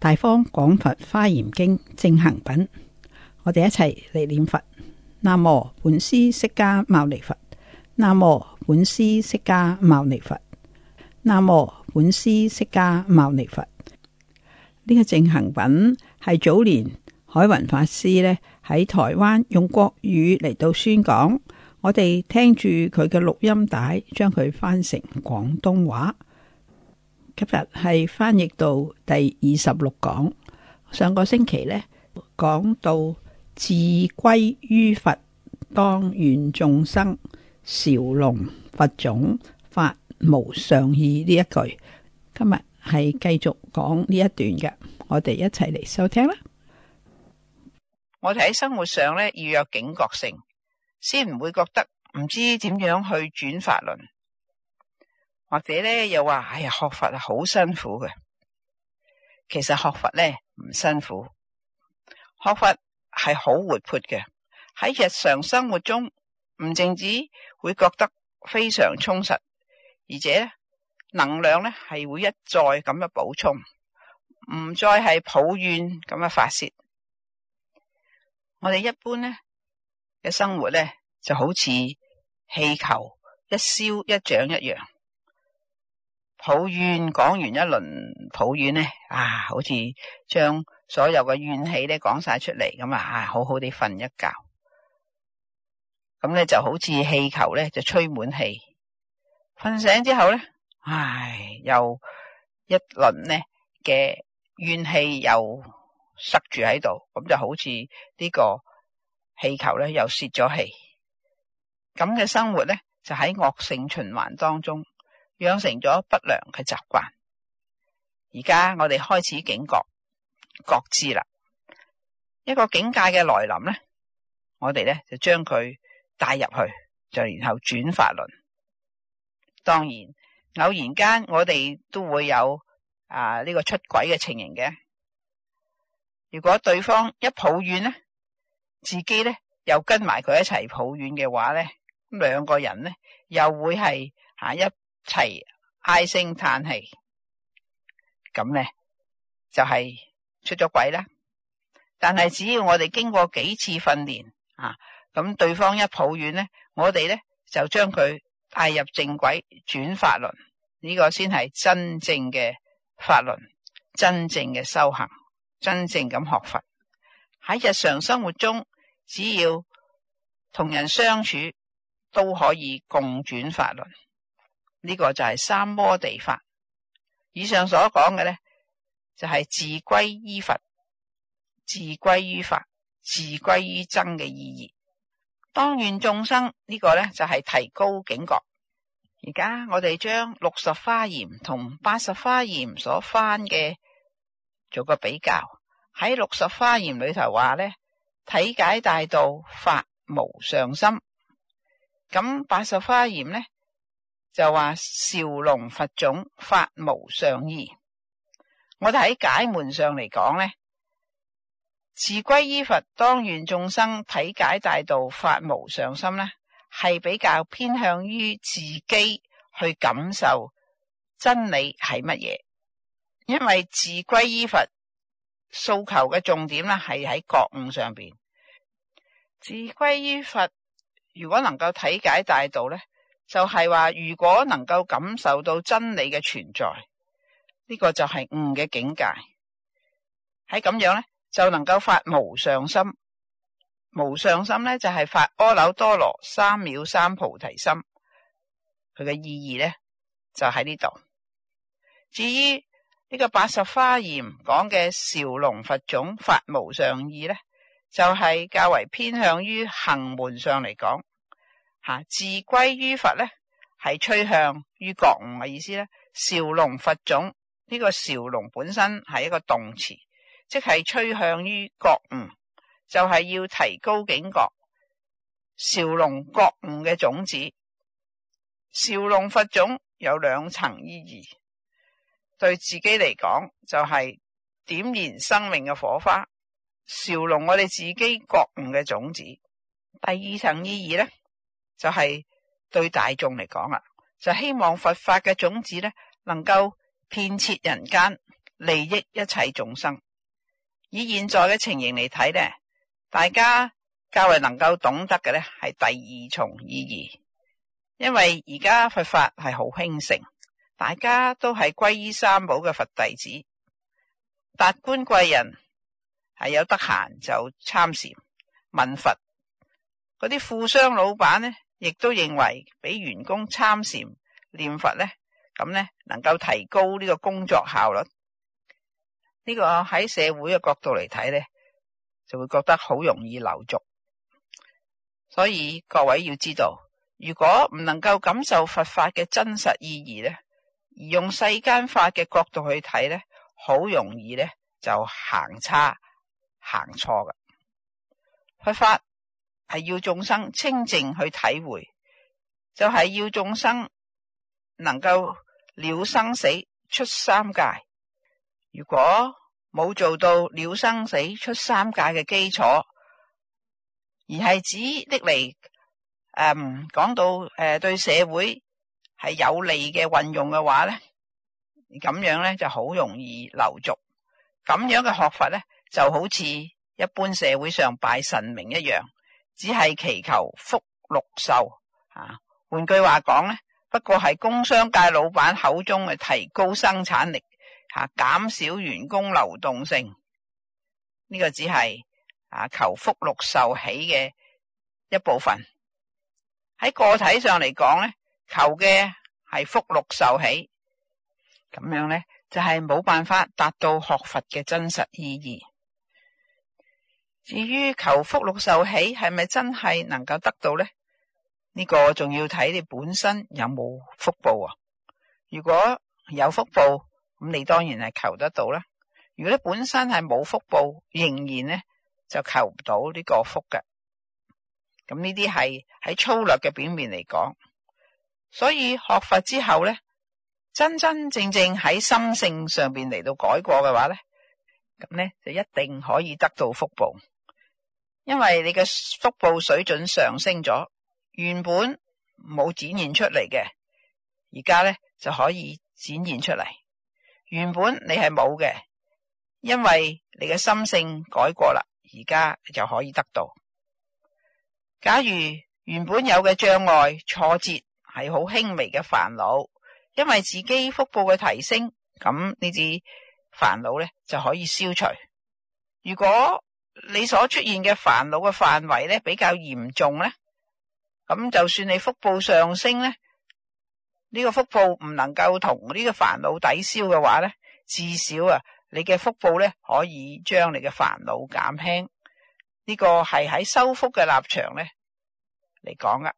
大方廣佛花嚴經正行品，我哋一齊嚟念佛。南無本師釋迦牟尼佛。南無本師釋迦牟尼佛。南無本師釋迦牟尼佛。呢個正行品係早年海雲法師呢喺台灣用國語嚟到宣講，我哋聽住佢嘅錄音帶，將佢翻成廣東話。今日係翻譯到第二十六講。上個星期呢，講到自歸於佛，當願眾生，紹隆佛種發無上意呢一句。今日係繼續講呢一段嘅，我哋一齊嚟收聽啦。我哋喺生活上呢，要有警覺性，先唔會覺得唔知點樣去轉法輪。或者咧又話：哎呀，學佛係好辛苦嘅。其實學佛咧唔辛苦，學佛係好活潑嘅。喺日常生活中，唔淨止會覺得非常充實，而且能量咧係會一再咁樣補充，唔再係抱怨咁樣發洩。我哋一般咧嘅生活咧就好似氣球一燒一漲一樣。抱怨，講完一輪抱怨呢，啊，好似將所有嘅怨氣呢講晒出嚟，咁啊，好好地瞓一覺。咁呢就好似氣球呢就吹滿氣。瞓醒之後呢，唉，又一輪呢嘅怨氣又塞住喺度，咁就好似呢個氣球呢又泄咗氣。咁嘅生活呢就喺惡性循環當中。養成咗不良嘅習慣，而家我哋開始警覺覺知啦。一個境界嘅來臨咧，我哋咧就將佢帶入去，就然後轉法輪。當然偶然間我哋都會有啊呢個出軌嘅情形嘅。如果對方一抱怨咧，自己咧又跟埋佢一齊抱怨嘅話咧，兩個人咧又會係下一。齊唉聲嘆氣，咁呢，就係、是、出咗軌啦。但係只要我哋經過幾次訓練啊，咁對方一抱怨呢，我哋呢，就將佢帶入正軌，轉法輪呢、呢個先係真正嘅法輪，真正嘅修行，真正咁學佛。喺日常生活中，只要同人相處都可以共轉法輪。呢、這個就係三摩地法。以上所講嘅咧，就係自歸依佛、自歸於法、自歸於真嘅意義。當願眾生呢、這個咧，就係提高警覺。而家我哋將六十華嚴同八十華嚴所翻嘅做個比較，喺六十華嚴裏頭話咧，體解大道，發無上心。咁八十華嚴咧，就話少龍佛種發無上意，我哋喺解門上嚟講咧，自歸依佛，當願眾生體解大道發無上心咧，係比較偏向於自己去感受真理係乜嘢，因為自歸依佛訴求嘅重點咧係喺覺悟上邊。自歸依佛如果能夠體解大道咧，就係、是、話，如果能夠感受到真理嘅存在，呢、這個就係悟嘅境界。喺咁樣咧，就能夠發無上心。無上心咧就係、是、發阿耨多羅三藐三菩提心。佢嘅意義咧就喺呢度。至於呢、這個八十花嚴講嘅紹隆佛種發無上意咧，就係、是、較為偏向於行門上嚟講。吓，自歸於佛咧，係趨向於覺悟嘅意思咧。紹隆佛種呢、這個紹隆本身係一個動詞，即係趨向於覺悟，就係、是、要提高警覺。紹隆覺悟嘅種子，紹隆佛種有兩層意義。對自己嚟講，就係、是、點燃生命嘅火花。紹隆我哋自己覺悟嘅種子。第二層意義咧。就係、是、對大眾嚟講啦，就是、希望佛法嘅種子咧，能夠遍切人間利益一切眾生。以現在嘅情形嚟睇咧，大家較為能夠懂得嘅咧係第二重意義，因為而家佛法係好興盛，大家都係歸依三寶嘅佛弟子，達官貴人係有得閒就參禪問佛，嗰啲富商老闆呢。亦都認為俾員工參禪念佛咧，咁咧能夠提高呢個工作效率。呢個喺社會嘅角度嚟睇咧，就會覺得好容易流俗。所以各位要知道，如果唔能夠感受佛法嘅真實意義咧，而用世間法嘅角度去睇咧，好容易咧就行差行錯噶。佛法，係要眾生清淨去體會，就係、是、要眾生能夠了生死、出三界。如果冇做到了生死、出三界嘅基礎，而係指的嚟誒講到誒對社會係有利嘅運用嘅話咧，咁樣咧就好容易流俗。咁樣嘅學法咧就好似一般社會上拜神明一樣。只係祈求福祿壽啊！換句話講呢，不過係工商界老闆口中嘅提高生產力，吓減少員工流動性。呢個只係啊求福祿壽起嘅一部分。喺個體上嚟講呢，求嘅係福祿壽起，咁樣呢，就係冇辦法達到學佛嘅真實意義。至於求福禄壽喜係咪真係能夠得到咧？呢個仲要睇你本身有冇福報啊。如果有福報，咁你當然係求得到啦。如果你本身係冇福報，仍然咧就求唔到呢個福嘅。咁呢啲係喺粗略嘅表面嚟講，所以學佛之後咧，真真正正喺心性上邊嚟到改過嘅話咧，咁咧就一定可以得到福報。因為你嘅福報水準上升咗，原本冇展現出嚟嘅，而家呢就可以展現出嚟。原本你係冇嘅，因為你嘅心性改過啦，而家就可以得到。假如原本有嘅障礙、挫折係好輕微嘅煩惱，因為自己福報嘅提升，咁呢啲煩惱呢就可以消除。如果，你所出現嘅煩惱嘅範圍咧比較嚴重咧，咁就算你福報上升咧，呢個福報唔能夠同呢個煩惱抵消嘅話咧，至少啊，你嘅福報咧可以將你嘅煩惱減輕。呢個係喺修福嘅立場咧嚟講啊。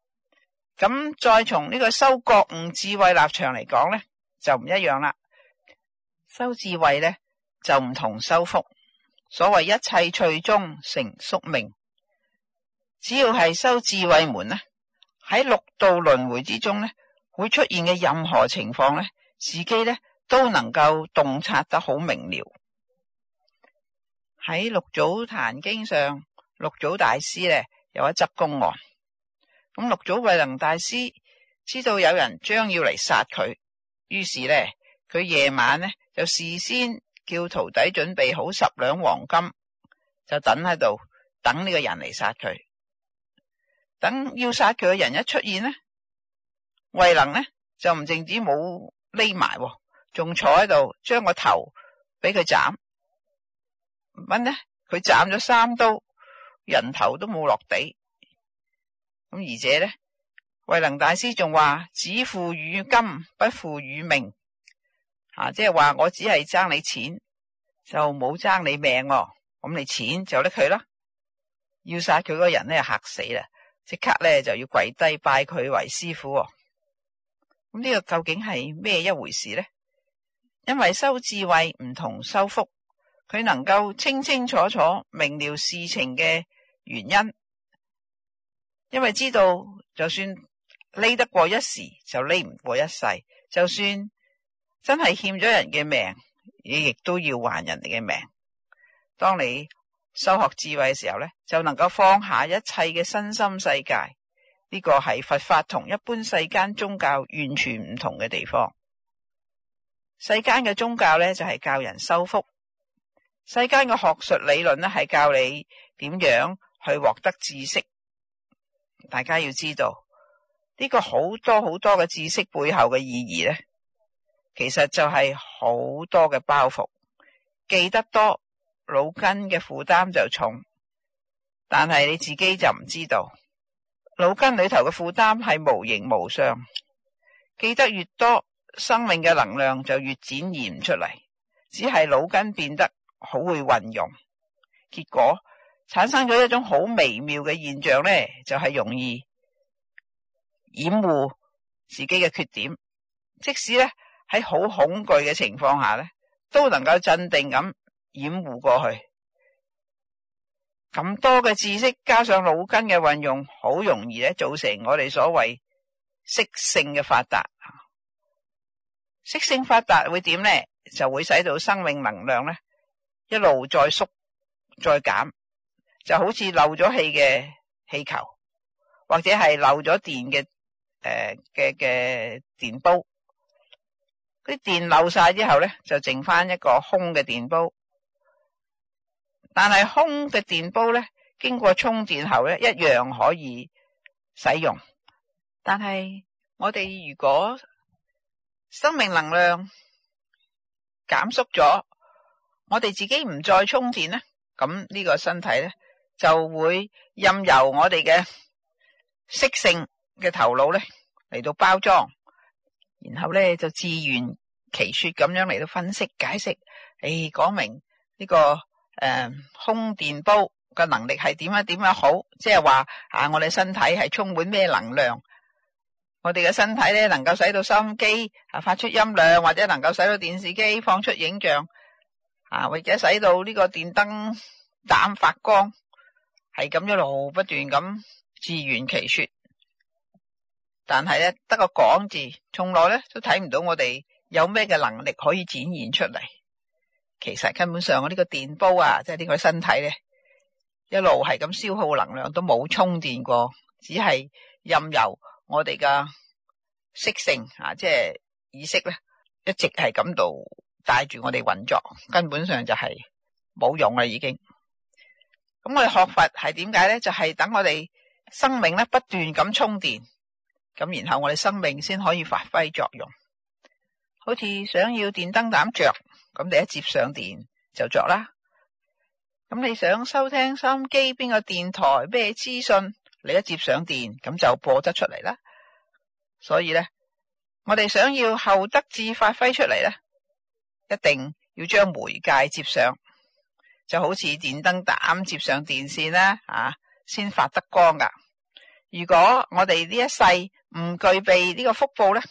咁再從呢個修覺悟智慧立場嚟講咧，就唔一樣啦。修智慧咧就唔同修福。所謂一切趣中成宿命，只要係修智慧門呢，喺六道輪迴之中呢，會出現嘅任何情況呢、時機呢，都能夠洞察得好明了。喺六祖壇經上，六祖大師呢有一執公案。咁六祖慧能大師知道有人將要嚟殺佢，於是呢，佢夜晚呢就事先。叫徒弟準備好十兩黃金，就等喺度等呢個人嚟殺佢。等要殺佢嘅人一出現呢，慧能呢，就唔淨止冇匿埋，仲坐喺度將個頭俾佢斬。點呢？佢斬咗三刀，人頭都冇落地。咁而且呢，慧能大師仲話：只負與金，不負與命。」啊！即係話我只係爭你錢，就冇爭你命。啊，咁你錢就拎佢囉，要殺佢個人咧，吓死啦，即刻咧就要跪低拜佢為師傅。啊。咁呢個究竟係咩一回事呢？因為修智慧唔同修福，佢能夠清清楚楚明了事情嘅原因，因為知道就算匿得過一時，就匿唔過一世，就算，真係欠咗人嘅命，你亦都要還人哋嘅命。當你修學智慧嘅時候咧，就能夠放下一切嘅身心世界。呢個係佛法同一般世間宗教完全唔同嘅地方。世間嘅宗教咧就係教人修福，世間嘅學術理論咧係教你點樣去獲得知識。大家要知道呢個好多好多嘅知識背後嘅意義咧。其實就係好多嘅包袱，記得多，腦筋嘅負擔就重，但係你自己就唔知道，腦筋裏頭嘅負擔係無形無相。記得越多，生命嘅能量就越展現唔出嚟，只係腦筋變得好會運用，結果產生咗一種好微妙嘅現象呢就係、是、容易掩護自己嘅缺點，即使呢。喺好恐懼嘅情況下咧，都能夠鎮定咁掩護過去。咁多嘅知識加上腦筋嘅運用，好容易咧造成我哋所謂適性嘅發達。適性發達會點咧？就會使到生命能量咧一路再縮再減，就好似漏咗氣嘅氣球，或者係漏咗電嘅誒嘅嘅電煲。啲電漏晒之後咧，就剩翻一個空嘅電煲。但係空嘅電煲咧，經過充電後咧，一樣可以使用。但係我哋如果生命能量減縮咗，我哋自己唔再充電咧，咁呢個身體咧就會任由我哋嘅適性嘅頭腦咧嚟到包裝。然後咧就自圓其說咁樣嚟到分析解釋，誒、哎、講明呢、這個誒、呃、空電煲嘅能力係點樣點樣好，即係話啊我哋身體係充滿咩能量，我哋嘅身體咧能夠使到收音機啊發出音量，或者能夠使到電視機放出影像，啊或者使到呢個電燈膽發光，係咁一路不斷咁自圓其說。但係咧，得個講字，從來咧都睇唔到我哋有咩嘅能力可以展現出嚟。其實根本上，我呢個電煲啊，即係呢個身體咧，一路係咁消耗能量，都冇充電過，只係任由我哋嘅色性啊，即係意識咧，一直係咁度帶住我哋運作，根本上就係冇用啦。已經咁，我哋學佛係點解咧？就係等我哋生命咧不斷咁充電。咁然後我哋生命先可以發揮作用，好似想要電燈膽着，咁你一接上電就着啦。咁你想收聽收音機邊個電台咩資訊？你一接上電咁就播得出嚟啦。所以咧，我哋想要後得智發揮出嚟咧，一定要將媒介接上，就好似電燈膽接上電線啦，啊、先發得光噶。如果我哋呢一世唔具備呢個福報咧，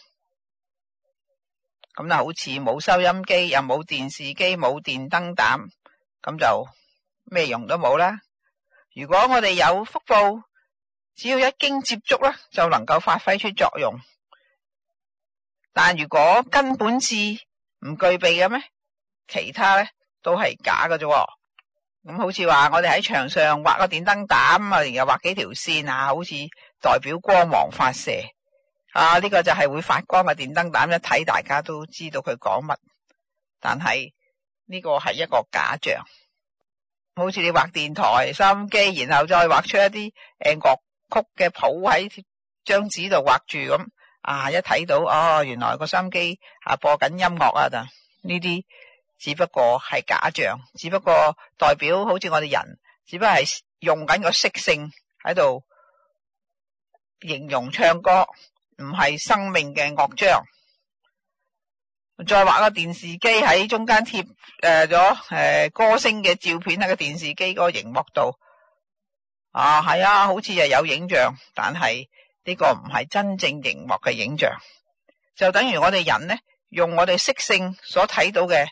咁就好似冇收音機，又冇電視機，冇電燈膽，咁就咩用都冇啦。如果我哋有福報，只要一經接觸咧，就能夠發揮出作用。但如果根本是唔具備嘅咩，其他咧都係假㗎啫。咁好似話我哋喺牆上畫個電燈膽啊，然後畫幾條線啊，好似代表光芒發射啊。呢個就係會發光嘅電燈膽，一睇大家都知道佢講乜。但係呢個係一個假象，好似你畫電台收音機，然後再畫出一啲誒樂曲嘅譜喺張紙度畫住咁啊，一睇到哦，原來個收音機啊播緊音樂啊。呢啲。只不過係假象，只不過代表好似我哋人，只不過係用緊個色性喺度形容唱歌，唔係生命嘅樂章。再畫個電視機喺中間貼誒咗誒歌星嘅照片喺個電視機嗰個熒幕度啊，係啊，好似係有影像，但係呢個唔係真正熒幕嘅影像，就等於我哋人呢，用我哋色性所睇到嘅。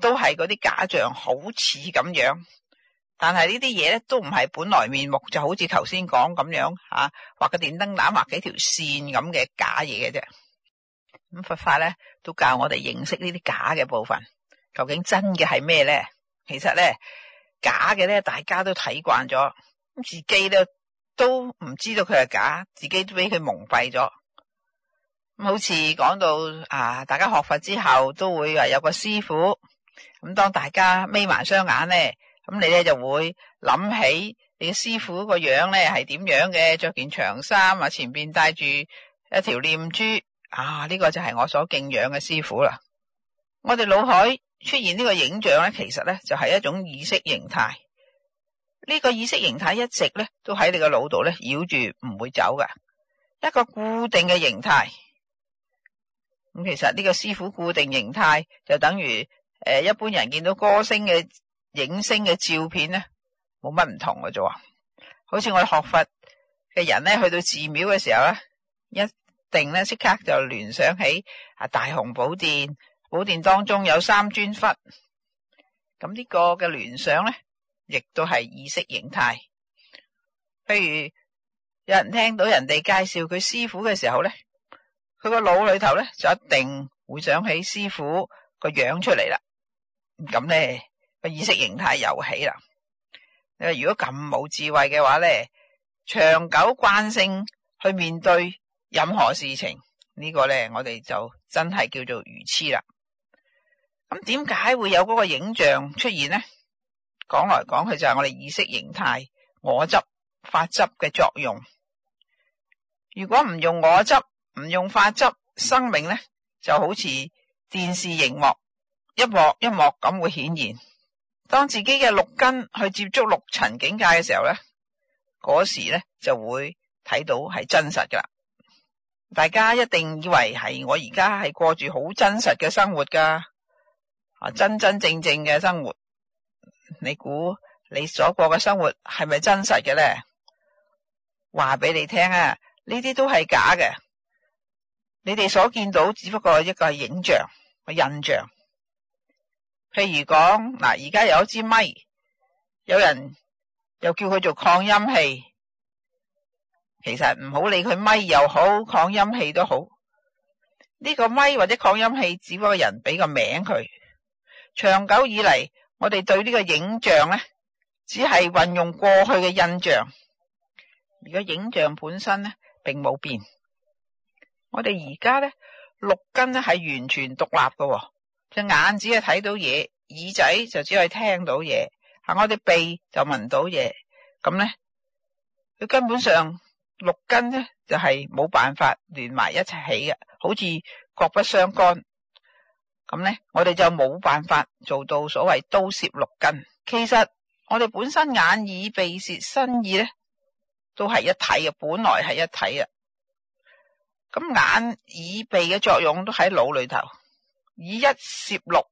都係嗰啲假象，好似咁樣，但係呢啲嘢咧都唔係本來面目，就好似頭先講咁樣吓，啊，畫個電燈膽，畫幾條線咁嘅假嘢嘅啫。咁佛法咧都教我哋認識呢啲假嘅部分，究竟真嘅係咩咧？其實咧假嘅咧，大家都睇慣咗，咁自己咧都唔知道佢係假，自己都俾佢蒙蔽咗。好似講到啊，大家學佛之後都會話有個師傅。咁當大家眯埋雙眼咧，咁你咧就會諗起你嘅師父個樣咧係點樣嘅，着件長衫啊，前邊戴住一條念珠啊，呢個就係我所敬仰嘅師父啦。我哋腦海出現呢個影像咧，其實咧就係一種意識形態。呢個意識形態一直咧都喺你個腦度咧繞住唔會走噶，一個固定嘅形態。咁其實呢個師父固定形態就等於。誒，一般人見到歌星嘅影星嘅照片呢，冇乜唔同嘅啫。好似我哋學佛嘅人呢，去到寺廟嘅時候咧，一定呢即刻就聯想起啊，大雄寶殿，寶殿當中有三尊佛。咁呢個嘅聯想呢，亦都係意識形態。譬如有人聽到人哋介紹佢師傅嘅時候呢，佢個腦裏頭呢，就一定會想起師傅個樣出嚟啦。咁呢個意識形態又起啦。你話如果咁冇智慧嘅話呢，長久慣性去面對任何事情，呢、這個呢我哋就真係叫做愚痴啦。咁點解會有嗰個影像出現呢？講來講去就係我哋意識形態我執法執嘅作用。如果唔用我執，唔用法執，生命呢就好似電視熒幕。一幕一幕咁會顯現。當自己嘅六根去接觸六塵境界嘅時候咧，嗰時咧就會睇到係真實噶啦。大家一定以為係我而家係過住好真實嘅生活噶，啊真真正正嘅生活。你估你所過嘅生活係咪真實嘅咧？話俾你聽啊，呢啲都係假嘅。你哋所見到只不過係一個影像，個印象。譬如講嗱，而家有一支咪，有人又叫佢做擴音器，其實唔好理佢，咪又好，擴音器都好，呢個咪或者擴音器只不過人俾個名佢。長久以嚟，我哋對呢個影像咧，只係運用過去嘅印象，而個影像本身咧並冇變。我哋而家咧六根咧係完全獨立㗎喎。隻眼只係睇到嘢，耳仔就只係聽到嘢，嚇我哋鼻就聞到嘢，咁咧佢根本上六根咧就係、是、冇辦法連埋一齊起嘅，好似各不相干。咁咧，我哋就冇辦法做到所謂都攝六根。其實我哋本身眼耳鼻舌身意咧都係一體嘅，本來係一體啊。咁眼耳鼻嘅作用都喺腦裏頭。以一攝六，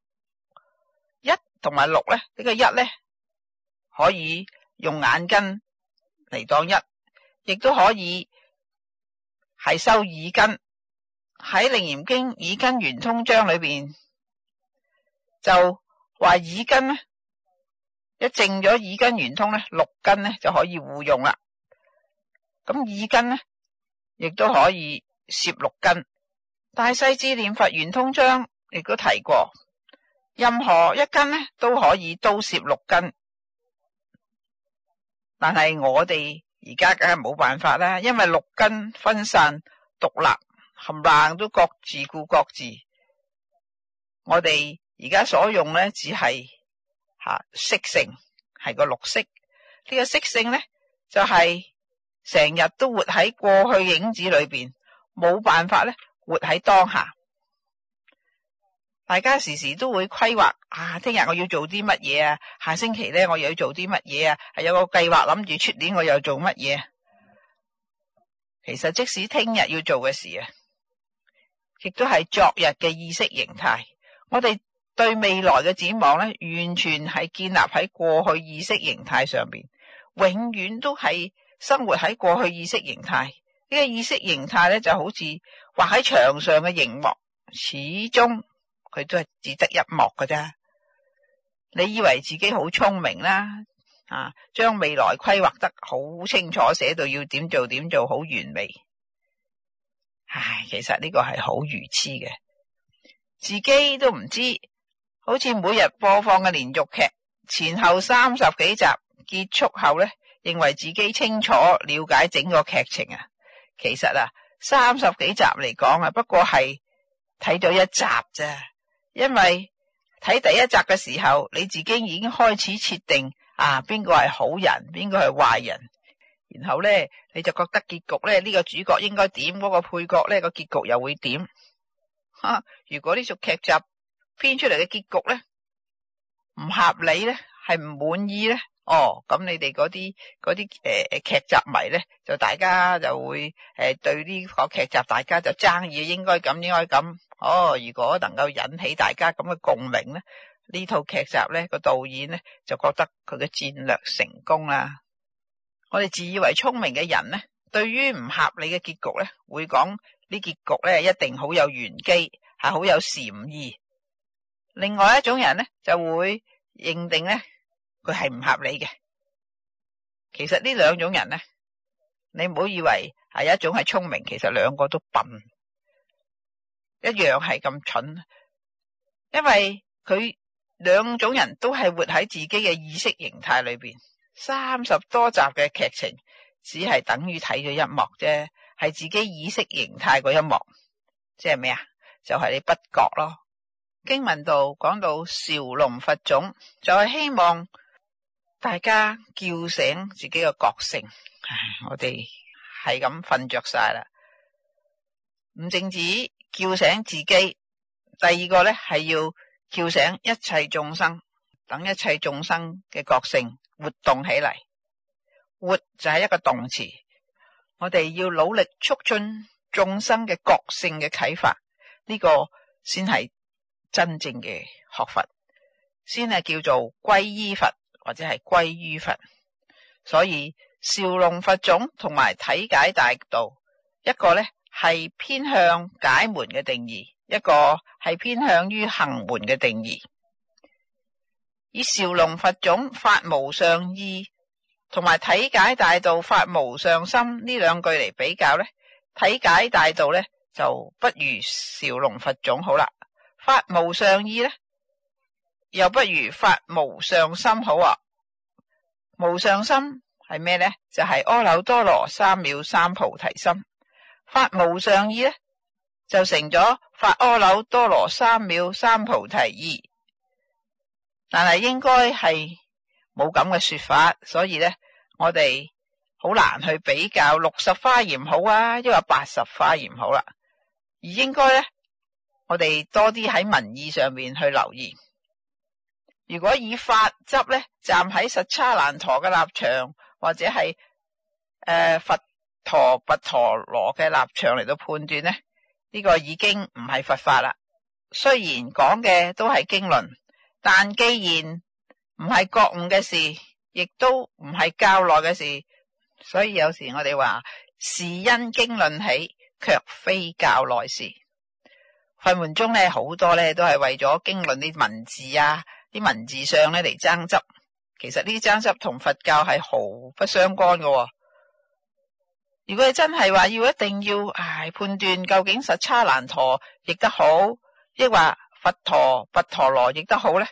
一同埋六咧，呢、這個一咧可以用眼根嚟當一，亦都可以係收耳根。喺《楞嚴經耳根圓通章裡面》裏邊就話耳根呢一正咗耳根圓通咧，六根咧就可以互用啦。咁耳根咧亦都可以攝六根，《大勢至念佛圓通章》。亦都提過，任何一根咧都可以都攝六根，但係我哋而家梗係冇辦法啦，因為六根分散獨立，冚冷都各自顧各自。我哋而家所用咧，只係吓色性，係個綠色。呢個色性咧，就係成日都活喺過去影子裏邊，冇辦法咧活喺當下。大家時時都會規劃啊，聽日我要做啲乜嘢啊，下星期咧我又要做啲乜嘢啊，有個計劃諗住出年我又做乜嘢啊？其實即使聽日要做嘅事啊，亦都係昨日嘅意識形態。我哋對未來嘅展望咧，完全係建立喺過去意識形態上邊，永遠都係生活喺過去意識形態。呢個意識形態咧就好似畫喺牆上嘅熒幕，始終。佢都係只得一幕嘅啫，你以為自己好聰明啦，啊，將未來規劃得好清楚，寫到要點做點做好完美，唉，其實呢個係好愚痴嘅，自己都唔知道，好似每日播放嘅連續劇，前後三十幾集結束後呢，認為自己清楚了解整個劇情啊，其實啊，三十幾集嚟講啊，不過係睇咗一集啫。因為睇第一集嘅時候，你自己已經開始設定啊，邊個係好人，邊個係壞人，然後咧你就覺得結局咧，呢個主角應該點，嗰個配角咧個結局又會點？啊？如果呢組劇集編出嚟嘅結局咧唔合理咧，係唔滿意咧。哦，咁你哋嗰啲嗰啲誒誒劇集迷咧，就大家就會誒、呃、對呢個劇集大家就爭議，應該咁，應該咁。哦，如果能夠引起大家咁嘅共鳴呢，呢套劇集呢個導演呢，就覺得佢嘅戰略成功啦。我哋自以為聰明嘅人呢，對於唔合理嘅結局呢，會講呢結局呢，一定好有玄機，係好有禪意。另外一種人呢，就會認定呢，佢係唔合理嘅。其實呢兩種人呢，你唔好以為係一種係聰明，其實兩個都笨。一樣係咁蠢，因為佢兩種人都係活喺自己嘅意識形態裏邊。三十多集嘅劇情，只係等於睇咗一幕啫，係自己意識形態嗰一幕，即係咩啊？就係、是、你不覺咯。經文度講到少龍佛種，就係、是、希望大家叫醒自己嘅覺性唉，我哋係咁瞓着晒啦，唔正止。叫醒自己，第二個咧，係要叫醒一切眾生，等一切眾生嘅覺性活動起嚟。活就係一個動詞，我哋要努力促進眾生嘅覺性嘅啟發，呢、這個先係真正嘅學佛，先係叫做歸依佛或者係歸於佛。所以紹隆佛種同埋體解大道，一個咧。係偏向解門嘅定義，一個係偏向於行門嘅定義。以紹隆佛種發無上意，同埋體解大道發無上心呢兩句嚟比較呢，體解大道呢就不如紹隆佛種好啦。發無上意呢又不如發無上心好啊。無上心係咩呢？就係、是、阿耨多羅三藐三菩提心。發無上意咧，就成咗發阿耨多羅三藐三菩提意，但係應該係冇咁嘅說法，所以咧我哋好難去比較六十華嚴好啊，抑或八十華嚴好啦，啊，而應該咧我哋多啲喺文意上面去留意。如果以法執咧，站喺實叉難陀嘅立場或者係誒、呃、佛。陀跋陀羅嘅立場嚟到判斷呢？呢、呢個已經唔係佛法啦。雖然講嘅都係經論，但既然唔係覺悟嘅事，亦都唔係教內嘅事，所以有時我哋話是因經論起，卻非教內事。佛門中咧好多咧都係為咗經論啲文字啊，啲文字上咧嚟爭執。其實呢啲爭執同佛教係毫不相干噶。如果你真係話要一定要，唉，判斷究竟實叉難陀譯得好，抑或佛陀、佛陀羅譯得好咧？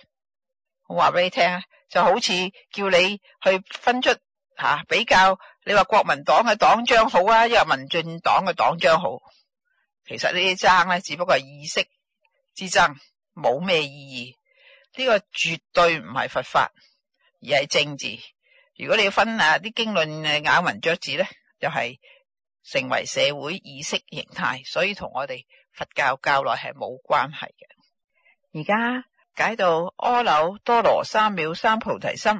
我話俾你聽啊，就好似叫你去分出吓、啊、比較，你話國民黨嘅黨章好啊，抑或民進黨嘅黨章好，其實呢啲爭咧只不過係意識之爭，冇咩意義。呢、這個絕對唔係佛法，而係政治。如果你要分啊啲經論嘅咬文嚼字咧。就係、是、成為社會意識形態，所以同我哋佛教教內係冇關係嘅。而家解到阿耨多羅三藐三菩提心，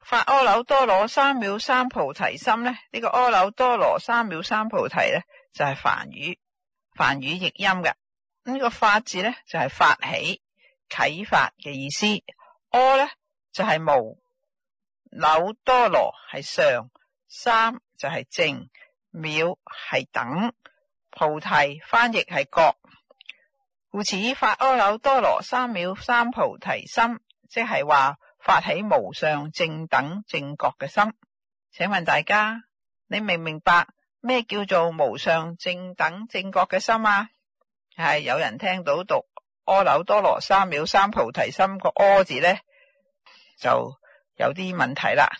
法阿耨多羅三藐三菩提心咧，呢、這個阿耨多羅三藐三菩提咧就係、是、梵語梵語譯音嘅呢、這個法字咧就係、是、發起啟發嘅意思，阿咧就係、是、無，耨多羅係上三，就係、是、正藐係等菩提翻譯係覺，故此發阿耨多羅三藐三菩提心，即係話發起無上正等正覺嘅心。請問大家，你明唔明白咩叫做無上正等正覺嘅心啊？係有人聽到讀阿耨多羅三藐三菩提心個阿字咧，就有啲問題啦。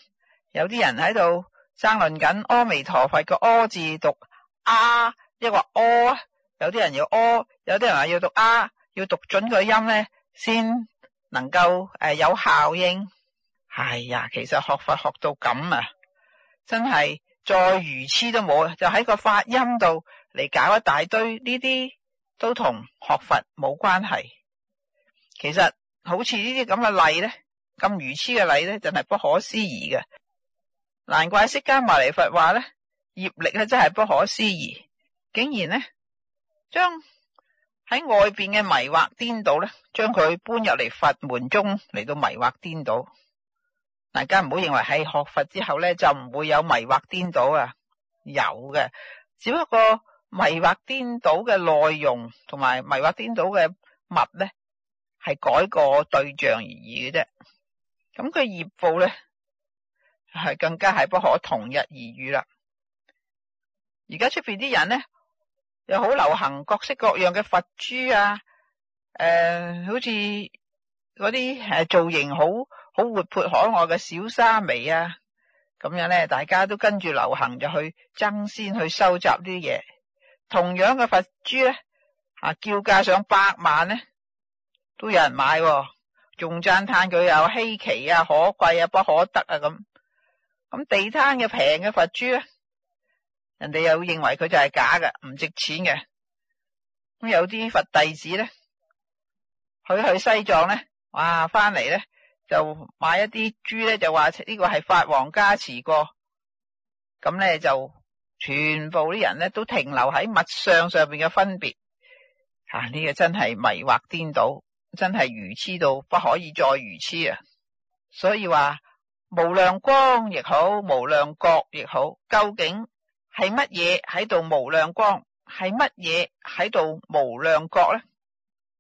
有啲人喺度。爭論緊阿彌陀佛個阿、哦、字讀啊一個阿，有啲人要阿、哦，有啲人話要讀啊，要讀準個音咧，先能夠誒、呃、有效應。哎呀，其實學佛學到咁啊，真係再愚癡都冇，就喺個發音度嚟搞一大堆呢啲，都同學佛冇關係。其實好似呢啲咁嘅例咧，咁愚癡嘅例咧，真係不可思議嘅。難怪釋迦牟尼佛話咧，業力咧真係不可思議，竟然咧將喺外邊嘅迷惑顛倒咧，將佢搬入嚟佛門中嚟到迷惑顛倒。大家唔好認為喺學佛之後咧就唔會有迷惑顛倒啊，有嘅，只不過迷惑顛倒嘅內容同埋迷惑顛倒嘅物咧係改個對象而已嘅啫。咁佢業報咧。係更加係不可同日而語啦！而家出邊啲人咧，又好流行各式各樣嘅佛珠啊，誒、呃，好似嗰啲誒造型好好活潑可愛嘅小沙彌啊，咁樣咧，大家都跟住流行就去爭先去收集呢啲嘢。同樣嘅佛珠咧，吓叫價上百萬咧，都有人買，啊，仲讚嘆佢有稀奇啊，可貴啊，不可得啊咁。咁地攤嘅平嘅佛珠咧，人哋又認為佢就係假嘅，唔值錢嘅。咁有啲佛弟子咧，佢去,去西藏咧，哇，翻嚟咧就買一啲珠咧，就話呢個係法王加持過。咁咧就全部啲人咧都停留喺物相上邊嘅分別。吓、啊，呢、呢個真係迷惑顛倒，真係愚痴到不可以再愚痴啊！所以話。無量光亦好，無量覺亦好。究竟係乜嘢喺度？無量光係乜嘢喺度？是什麼在無量覺咧？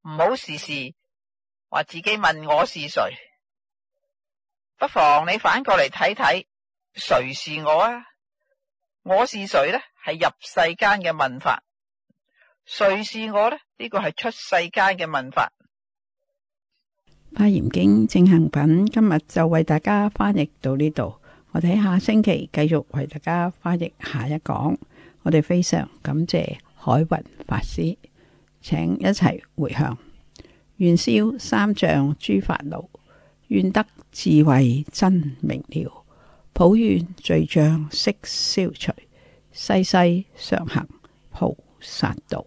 唔好時時話自己問我是誰，不妨你反過嚟睇睇，誰是我啊？我是誰咧？係入世間嘅問法，誰是我咧？呢、這個係出世間嘅問法。《華嚴經正行品》，今日就為大家翻譯到呢度，我哋喺下星期繼續為大家翻譯下一講。我哋非常感謝海雲法師，請一齊回向。願消三障諸煩惱，願得智慧真明了，普願罪障悉消除，世世常行菩薩道。